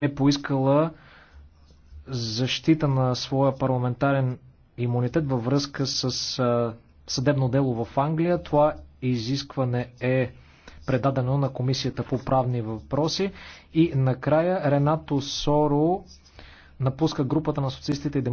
е поискала защита на своя парламентарен имунитет във връзка с а, съдебно дело в Англия. Това изискване е предадено на Комисията по правни въпроси. И накрая Ренато Соро напуска групата на социалистите и демократите.